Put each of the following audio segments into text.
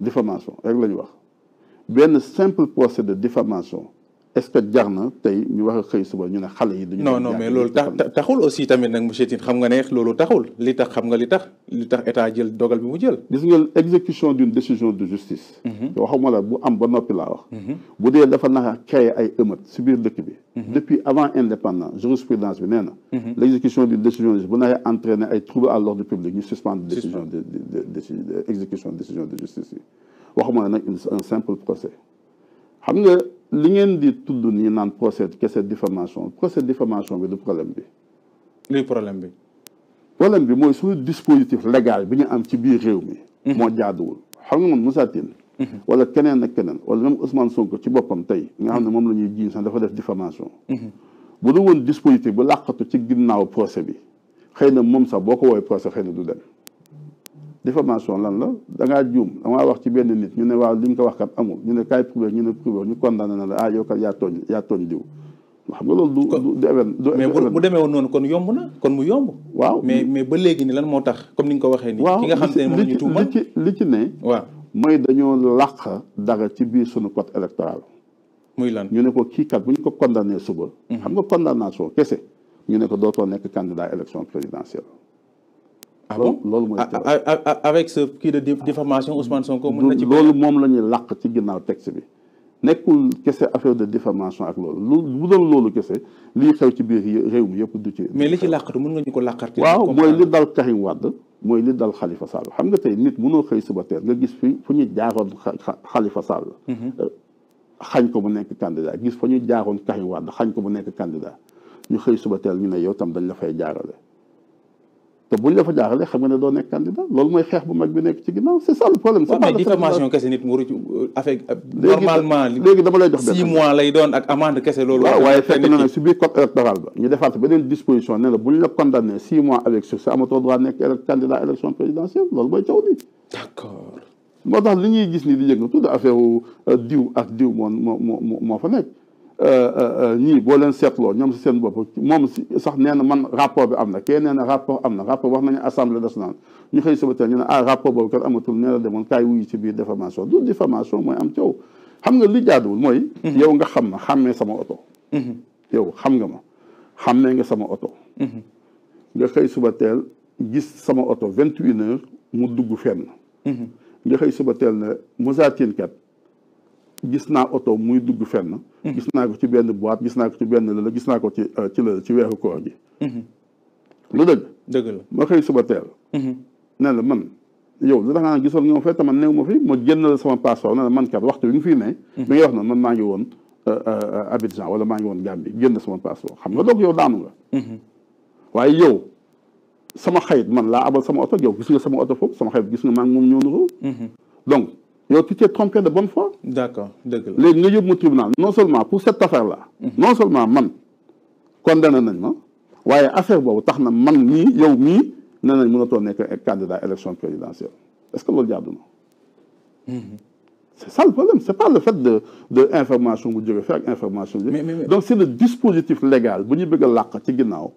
diffamation rek la ñu wax benn simple procès de diffamation est-ce que jar na tey ñu wax a xëy suba ñu ne xale yi. dañu non non mais loolu tax taxul aussi tamit nag monsieur Tine xam nga ne loolu taxul li tax xam nga li tax li jël dogal bi mu jël. gis nga exécution d'une décision de mhm. mhm. a créer ay bi. Mhm. depuis avant na. l'exécution décision de justice waxuma nag un simple procès xam nga. li ngeen di tudd nii naan procès kese diffamation procès diffamation bi du problème bi. luy problème bi. problème bi mooy suñu dispositif légal bi ñu am ci biir réew mi. Mhm. moo jaaduwul xam nga man Moussa Tine mhm. wala keneen ak keneen wala même Ousmane ko ci boppam tey. nga xam ne mhm. moom la ñuy jiiñ sa dafa def diffamation. bu dul woon dispositif bu làqatu ci ginnaaw procès bi xëy na moom sax boo ko woowee procès xëy na du dem. diffamation lan la da ngaa juum dangaa wax ci benn nit ñu ne waaw li nga ko wax kat amul ñu ne kaay prouver ñu ne prouver ñu condamné na la ah yow kat yaa tooñ yaa tooñ diw xam nga loolu du even mais bu demee woon noonu kon yomb na kon mu yomb waaw mais mais ba léegi nii lan moo tax comme ni nga ko waxee ni ki nga xam ne moom ñu tuuma li ci li ci ne waaw mooy dañoo làq dara ci biir suñu code électoral muy lan ñu ne ko kii kat bu ñu ko condamné suba mhm. xam nga condamnation kese ñu ne ko dootoo nekk candidat élection présidentielle ah loolu mooy avec ce kii de ah. diffamation Ousmane Sonko mën na ci loolu moom la ñuy làq ci ginnaaw texte bi nekkul kese affaire de diffamation ak loolu lu bu doon loolu kese lii xew ci biir réew mi yëpp du ci mais li ci làqatu mën nga ñu ko làqati waaw mooy li dal Karim Wade mooy li dal xalifa Sall xam nga tey nit mënoo xëy suba teel nga gis fi fu ñu jaaroon Khalifa Sall mm-hmm. euh, xañ ko mu nekk candidat gis fa ñu jaaroon Karim Wade xañ ko bu nekk candidat ñu xëy suba teel ñu ne yow tam dañ la fay jaarale te buñ la fa jaaxalee xam nga ne doo nekk candidat loolu mooy xeex bu mag bi nekk ci ginnaaw c' est ça le problème. c' est pas kese nit waru ci affaire léegi dama lay jox benn six mois lay doon ak amende kese loolu. waaw waaye fekk na ne si biir code électoral ba ñu defaat beneen disposition ne la buñ la condamné six mois avec succès amatoo a nekk candidat élection présidentielle loolu mooy coow li. d' moo tax li ñuy gis ni di yëngatu de affaire euh, diw ak diw moo moo moo fa nekk. Euh, euh, euh, ñii boo leen seetloo ñoom si seen bopp moom si sax nee na man rapport bi am na kee nee na rapport am na rapport wax nañu assemblée nationale ñu xëy suba teel ñu ne ah rapport boobu kat amatul nee la demoon kaay wuyu ci biir diffamation du diffamation mooy am ci coow xam nga li jaaduwul mooy mhm. yow nga xam ma xàmmee sama oto mhm. xam nga ma xàmmee nga sama oto mhm. nga xëy suba teel gis sama oto vingt-et-une mu dugg fenn nga xëy suba teel na Moussa Tine kat gis naa oto muy dugg fenn. Mhm. gis naa ko ci benn boîte gis naa ko ci benn lële gis naa ko ci euh, ci ci weeru koor gi. Mhm. lu dëgg. la ma xëy suba teel. Mhm. nen la man yow li tax naa gisoon nga ma fay tamit ma fi ma génnal sama passeport ne la man kat waxtu bi nga fii ne. bi ngay wax noonu man maa ngi woon euh, euh, Abidjan wala maa ngi woon Gambie génn sama passeport xam nga donc yow daanu nga. waaye yow sama xayit man laa abal sama oto yow gis nga sama oto foofu sama xayit gis nga maa moom ñoo nuroo donc. yow tu t'es trompé de bonne foi. d'accord dëgg la léegi nga yóbbu ma tribunal non seulement pour cette affaire là. Mhm. non seulement man condamné nañ ma waaye affaire boobu tax na man mii yow mii nee nañ mënatoo nekk candidat élection présidentielle est-ce que loolu jaadu na. Mhm. c'est ça le problème c'est pas le fait de de information bu jóge fii ak information. mais donc c'est le dispositif légal bu ñu bëgg a làq ci ginnaaw.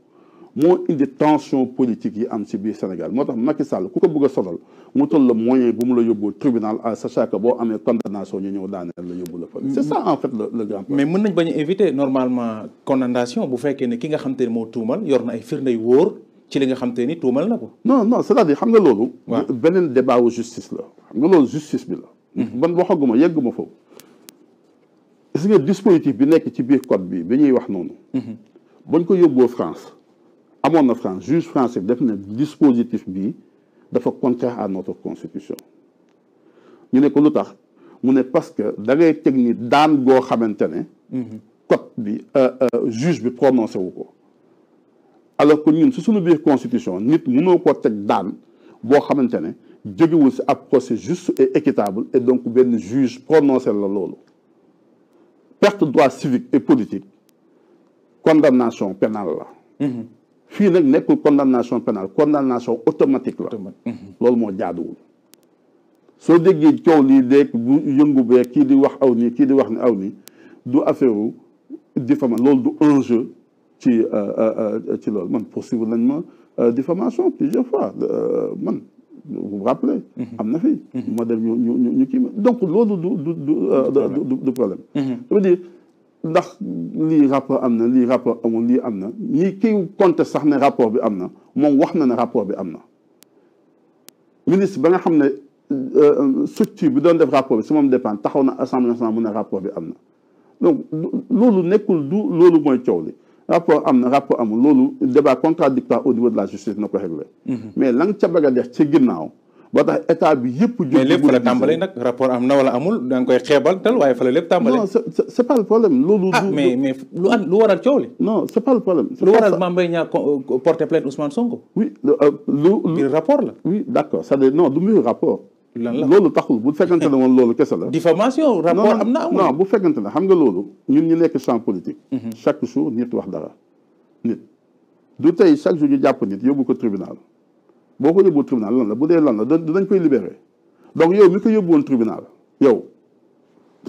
moo indi tension politique yi am ci biir Sénégal moo tax Macky Sall ku ko bëgg a sonal mu toll le moyen bu mu la yóbbu tribunal à sachant que boo amee condamnation ñu ñëw daaneel la yóbbu la fa. c'est ça en fait le le grand problème. mais mën nañ normalement condamnation bu fekkee ne ki nga xam ne moo tuumal yor na ay firnde yu wóor ci li nga xam te ni tuumal na ko. non non c'est-à-dire xam nga loolu. beneen débat wu justice la. xam nga loolu justice bi la. ban mhm. waxaguma yegguma foofu. gis nga dispositif bi nekk ci biir code bi ba ñuy wax noonu. Mhm. bañ ko yóbboo France. amoon na France juge français bi def na dispositif bii dafa contraire à notre constitution ñu ne ko lu tax mu ne parce que da ngay teg ni daan goo xamante ne mhm. code bi euh, euh, juge bi prononcé wu ko alors que ñun si suñu biir constitution nit mënoo ko teg daan boo xamante ne jógewul si ab procès juste et équitable et donc benn juge prononcé la loolu pert droit civique e politique condamnation pénale la mhm. fii nekk nekkul condamnation pénale condamnation automatique la mhm. loolu moo jaaduwul soo déggee coow lii léeg bu yëngu bee kii di wax aw nii kii di wax ni aw nii du affaire u lool loolu du enjeu ci euh, euh, euh, ci loolu man poursuivre nañ ma diffamation plusieurs fois man vous mhm. am na fi. Mhm. ma dem ñu ñu donc loolu du du du ndax lii rapport am na lii rapport amul lii am na ñi kii compte sax ne rapport bi am na moom wax na ne rapport bi am na ministre ba nga xam ne euh, euh, structure bi doon def rapport bi si moom dépend taxaw na assemblée nationale mu ne rapport bi am na donc loolu nekkul du loolu mooy coow li rapport am na rapport amul loolu débat contradictoire au niveau de la justice na ko réglé mm-hmm. mais lang nga ca bëgg a def ci ginnaaw ba tax état bi yëpp. mais lépp fa la tàmbalee nag rapport am na wala amul da nga koy xeebal tal waaye fa la lépp tàmbalee. non c' est pas le problème. loolu ah mais mais lu at lu waral coow li. non c' pas le problème. lu waral Mame Mbaye Niang euh, porté plainte Ousmane Sonko. oui euh, lu rapport la. oui d' accord lan la loolu taxul bu fekkante ne woon loolu kese la. diffamation rapport am na amul. non bu fekkante ne xam nga loolu. ñun ñu nekk champ politique. Mhm. chaque jour nit wax dara nit. du tey chaque jour ñu jàpp nit yóbbu ko tribunal. boo ko yóbbuwoon tribunal lan la bu dee lan la dañ koy libéré donc yow mi ko yóbbuwoon tribunal yow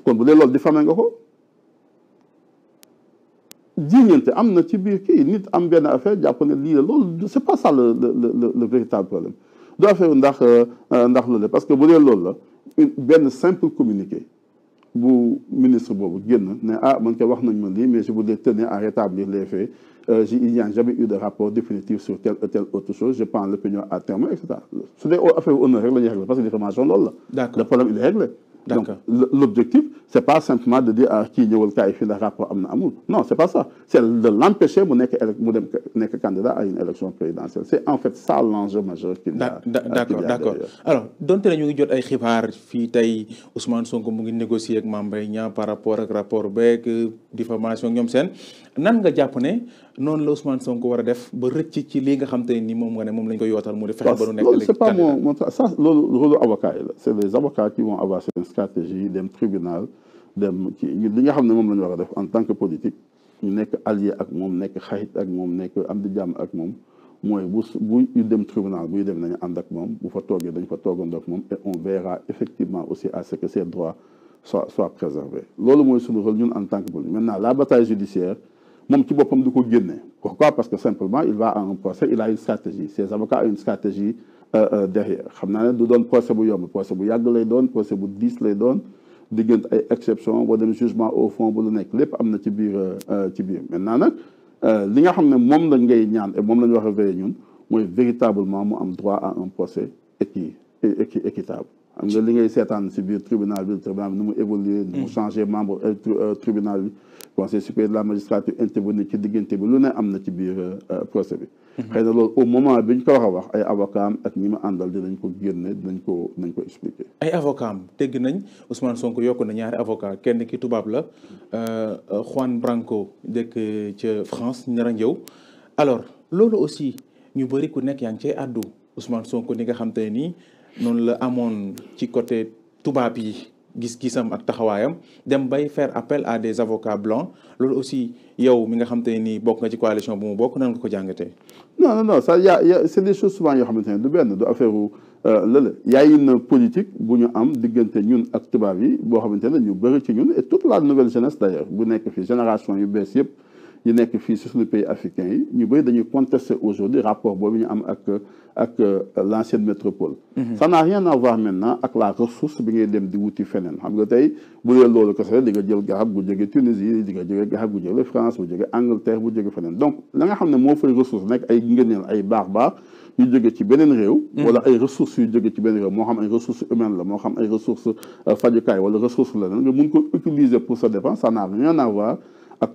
kon bu dee loolu diffamé nga ko. jiiñante am na ci biir kii nit am benn affaire jàpp ne li la loolu c'est pas ça le le la le véritable problème du affaire ndax euh, euh, ndax loolu parce que bu dee loolu la benn simple communiqué bu ministre boobu génn ne a ah, man koy wax nañ ma lii mais je voudrais tenir à rétablir les faits euh, il n'y a jamais eu de rapport définitif sur telle autre chose, je prends l'opinion à terme, etc. su dee affaire honneur rek parce que diffamation loolu la. le problème il est réglé. donc l'objectif c'est pas simplement de dire ah kii ñëwal rapport am na amul non c'est pas ça c'est l'empêcher mu nekk élec mu dem candidat à une élection présidentielle c'est en fait ça l'enjeu majeur qu'il y a d'accord d'accord alors donte ne ñu ngi jot ay xibaar fii tey ak Mame Mbaye Niang par rapport ak rapport euh, nan nga jàpp ne noonu la Ousmane Sonko war a def ba rëcc ci lii nga xam te ne ni moom nga ne moom lañ ko yootal mu di fexe ba du nekk léegi c'est pas mon mon ça loolu dem tribunal dem li nga xam ne moom la ñu war a def en tant que politique ñu nekk allié ak moom nekk xarit ak moom nekk am di jàmm ak moom mooy bu bu ñu dem tribunal buy dem nañu ànd ak moom bu fa toogee dañ fa toogandoo ak moom et on verra effectivement aussi à ce que ces droits soient préservés loolu mooy su rôle ñun en tant que politique maintenant la bataille judiciaire moom ci boppam du ko génne pourquoi parce que simplement il va à un procès il a une stratégie ses avocats ont une stratégie euh, euh, xam naa ne du doon procès bu yomb procès bu yàgg lay doon procès bu diis lay doon diggante ay exception boo dem jugement au fond bu lu nekk lépp am na ci biir euh, ci biir maintenant nag li nga xam ne moom lañ ngay ñaan et moom la ñu war a veiller mooy véritablement mu am droit à un procès équi équi équitable am li ngay seetaan si biir tribunal bi tribunal bi nu mu évoluer nu mu hmm. changé membre euh, euh, tribunal bi conseil supérieur de la magistrature intervenir ci diggante bi lu ne am na ci biir euh, procès bi hmm. xëy na loolu au moment ko war a wax ay avocat ak ñi ma àndal dinañ ko génne ko dinañ ko expliquer ay nañ Ousmane Sonko yokk na ñaari avocat kenn ki tubaab la Juan Branco dëkk ca France ñara njëw alors loolu aussi ñu bëri ku nekk yaa ngi ce àddu Ousmane Sonko ni nga xam te nii noonu la amoon ci côté tubaab yi gis-gisam ak taxawaayam dem bay fair appel à des avocats blancs loolu aussi yow mi nga xam te nii bokk nga ci coalition bu mu bokk nan nga ko jàngatee. non non non ça y a, a c'est des choses souvent yoo xamante ne du benn du affaire wu euh, lële yaa ngi une politique bu ñu am diggante ñun ak tubaab yi boo xamante ne ñu bëri ci ñun tout toute la nouvelle jeunesse d'ailleurs bu nekk fi génération yu bees yëpp. ñu nekk fii si suñu pays africain yi ñu bëri dañuy contester aujourd'hui rapport boobu ñu am ak ak euh, l'ancienne métropole mhm. ça n'a rien à voir maintenant ak la ressource bi ngay dem di wuti feneen xam nga tey bu dee loolu kese di nga jël garab bu jóge Tunisie di nga jóge garab bu jóge France bu jóge Angleterre bu jóge feneen donc la nga xam ne moo fay ressource nekk ay ngëneel ay baax baax yu jóge ci beneen réew mhm. wala ay ressources yu jóge ci beneen moo xam ay ressources humaines la moo xam ay ressources euh, fajukaay wala ressources leneen nga mun ko utiliser pour sa dépense ça n'a rien à voir